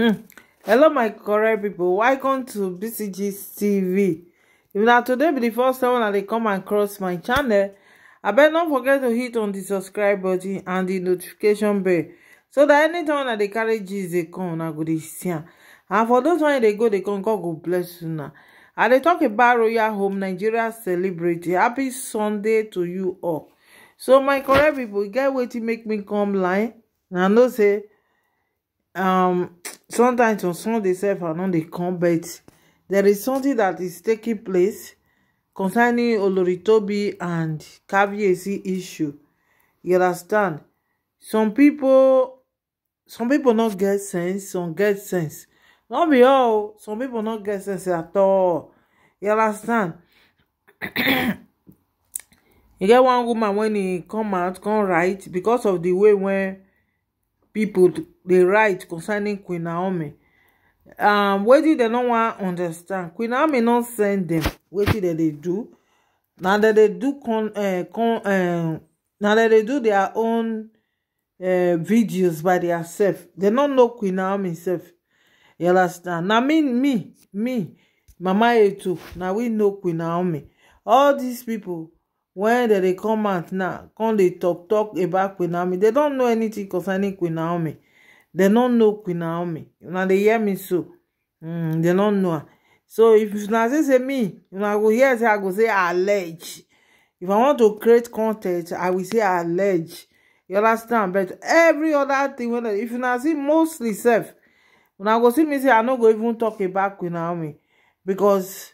Hmm. Hello my correct people, welcome to BCG TV. If na today be the first time that they come across my channel, I abeg no forget to hit on the subscribe button and the notification bell so that anytime that they carry gist they come una go dey see And for those one they go they come, God go bless now. I dey talk about Royal Home Nigeria celebrity. Happy Sunday to you all. So my correct people, get get to make me come line. I know say um sometimes on Sunday self and on the combat, there is something that is taking place concerning Oloritobi and Kabiyesi issue. You understand? Some people, some people not get sense, some get sense. Not be all. Some people not get sense at all. You understand? you get one woman when he come out, come right because of the way when People dey write concerning queen naomi um wetin dem no wan understand queen naomi no send dem wetin dem dey do na dem dey do con eh, con eh, na dem dey do their own eh, videos by theirself dem no know queen naomi sef you understand na me me me mama eto na we know queen naomi all these people. When they dey come out now come they talk talk about queen naomi they don't know anything concerning queen naomi They don't know queen naomi una they hear me so mm, they don't know so if una say say me una go here, say i go say allege if i want to create content i will say allege you understand but every other thing wey if una see mostly self. When I go see me say i no go even talk about queen naomi because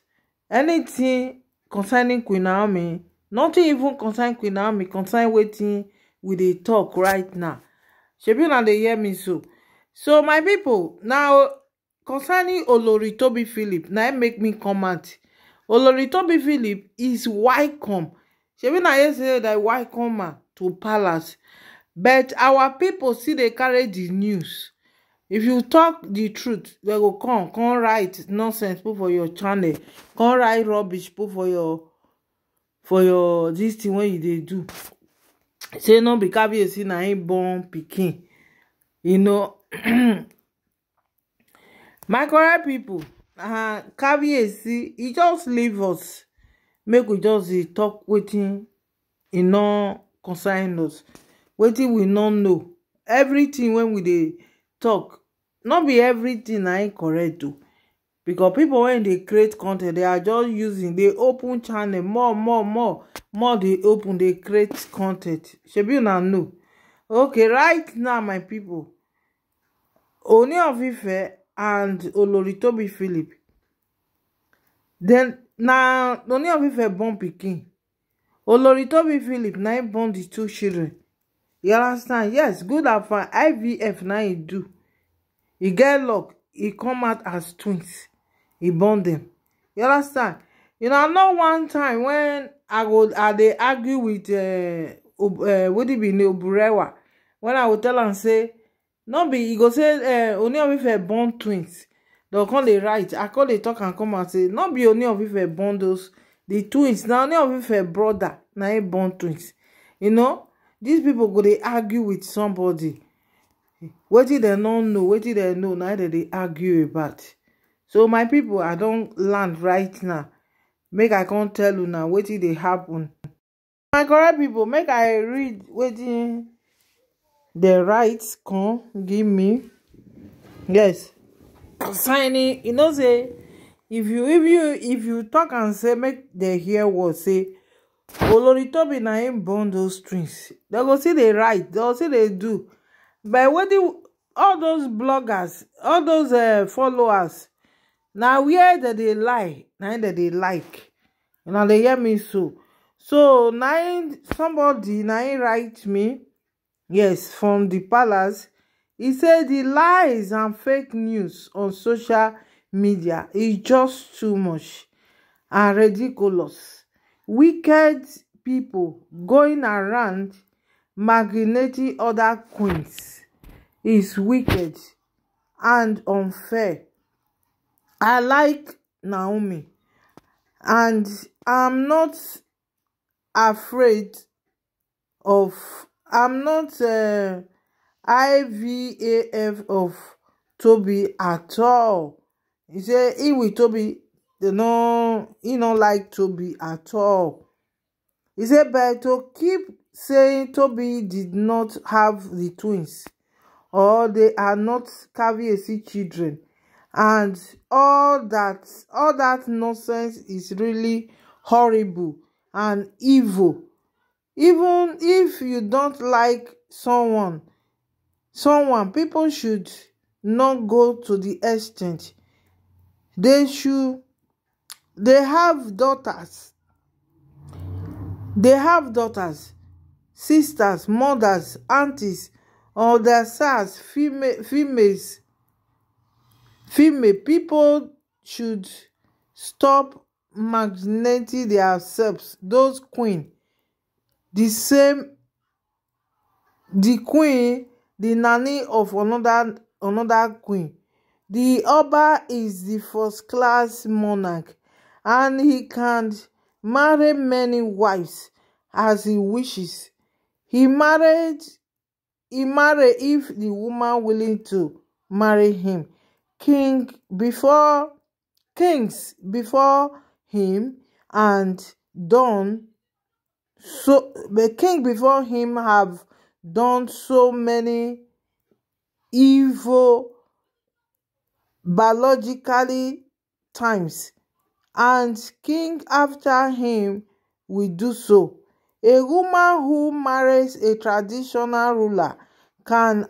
anything concerning queen naomi nothing even concern queen naomi concern waiting with dey talk right now shebi una dey hear me so so my people now concerning olori tobi philip na im make me comment olori tobi philip is welcome shebi na yesterday that welcome am to palace but our people still dey carry the news if you talk the truth dem go come come write nonsense put for your channel come write rubbish put for your for your this thing when you they do say no be see na him born picking, you know my correct pipo uh, see he just leave us make we just dey talk waiting, e no concern us waiting we not know everything when we they talk not be everything I correct o because people when they create content, they are just using dey open channel more more more more They open They create content. Should be shebi know okay right now my pipo oni of ife and Olori Toby philip den na oni of ife born picking, Olori Toby philip now born the two children you understand yes good and fine ivf now he do He get luck He come out as twins He born them. you understand you know i know one time when i would, i they argue with uh, uh wedibini oburewa When i would tell am say no be he go say uh, oni of a born twins dem call dey right. i call they talk and come and say no be only of ife born those the twins na oni of a brother now he born twins you know these people go they argue with somebody did they not know did they know Now dem they argue about so my people, i don't land right now make i can't tell you now. wetin they happen. my correct people, make i read wetin The rights come give me yes Signing, you know say if you if you if you talk and say make dem hear word say oloritobi na him burn those strings They go see they write dem go still dey do but wetin all those bloggers all those uh, followers Now, where dem they lie now that they dey like una they hear me so so now, somebody now im write me yes from the palace He said the lies and fake news on social media is just too much and ridiculous wicked people going around marinating other queens is wicked and unfair I like Naomi and I'm not afraid of I'm not uh, IVAF of Toby at all. He say he with Toby. They no he no like Toby at all. He say but to keep saying Toby did not have the twins or they are not Kabiyesi children and all that all that nonsense is really horrible and evil even if you don't like someone someone people should not go to the extent they should they have daughters they have daughters sisters mothers aunties or their sons female females female people should stop magnating themselves. those queen the same the queen the nanny of another, another queen The oba is the first class monarch and he can marry many wives as he wishes he married he marry if the woman willing to marry him king before kings before him and done so the king before him have done so many evil biologically times and king after him will do so a woman who marries a traditional ruler can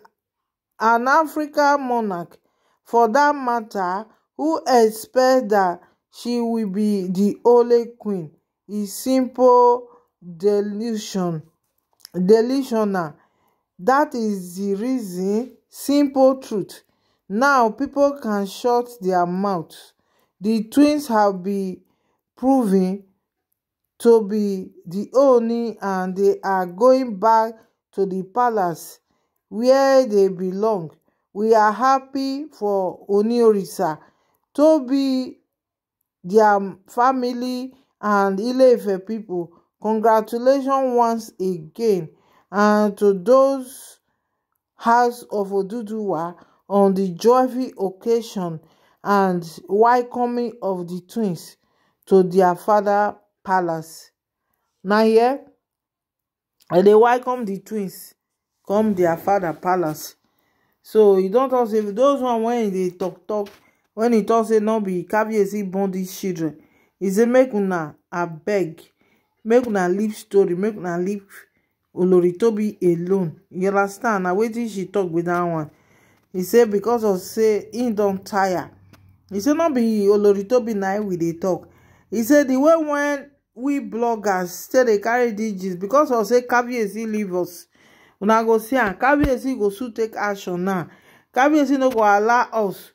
an african monarch for that matter, who expect that she will be the only queen e simple delusion delusional That is the reason simple truth now people can shut their mouth The twins have been proven to be the only and they are going back to the palace where they belong we are happy for Oniorisa, Tobi, their family and ile people. Congratulations once again and to those house of Oduduwa on the joyful occasion and welcoming of the twins to their father palace. Na here, I welcome the twins come their father palace so e don't tok say those one wen e talk, tok tok wen e tok say no be caviarcy born dis children He say make una beg, make una leave story make una leave oloritobi alone you understand I waiting she talk with that one He say because of say he don't tire He say no be oloritobi na with they talk. He said the way when we bloggers still dey carry dis gist becos of say caviarcy leave us una go see am kabiyesi go soon take action now kabiyesi no go allow us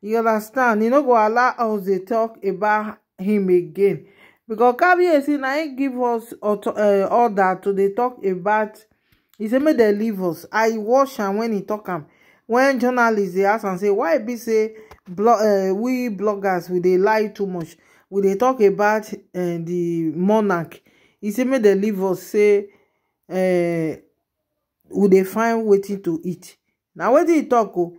you understand e no go allow us dey talk about him again because kabiyesi na him give us uh, order to dey talk about He say make dem leave us i watch am when he talk am when journalists dey ask am say why e be say eh, we bloggers we dey lie too much we dey talk about eh, the monarch he say make dem leave us say we dey find wetin to eat na wetin he talk? o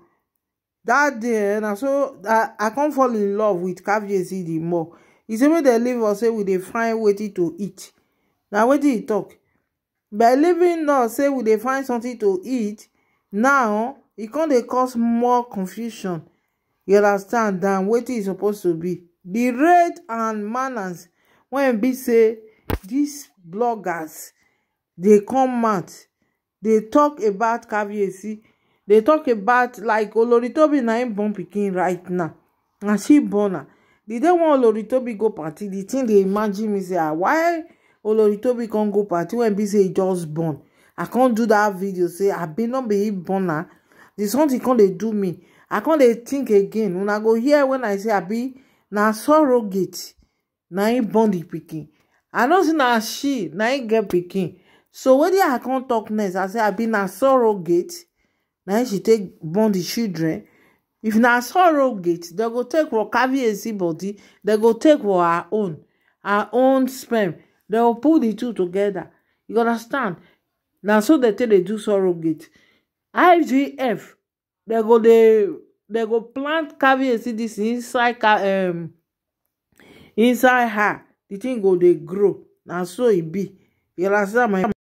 that day eh, na so i come fall in love with caviecy the more e say make dem leave us say we dey find wetin to eat na wetin he talk? by leaving us say we dey find something to eat now e con dey cause more confusion you understand than wetin e suppose to be The rate and manners wey be say these bloggers dey come out dey talk about caviarcy dey talk about like oloritobi na im born pikin right now na she born am di day wey oloritobi go party The thing dey imagine me say ah why oloritobi con go party when be say e just born i con do that video say abi ah, no be im born am di something con dey do me i con dey think again una go hear when i say abi ah, na surrogate na im born di pikin i know say na she na im get pikin so wetin i can't talk next i say I've been a surrogate Now she take born di children if na surrogate they go take for caviarcy body They go take for her own her own sperm They go put the two together. you understand Now so they tell they do surrogate IGF. They go dey they go plant caviarcy this inside um, inside her The thing go they grow Now so it e be you understand my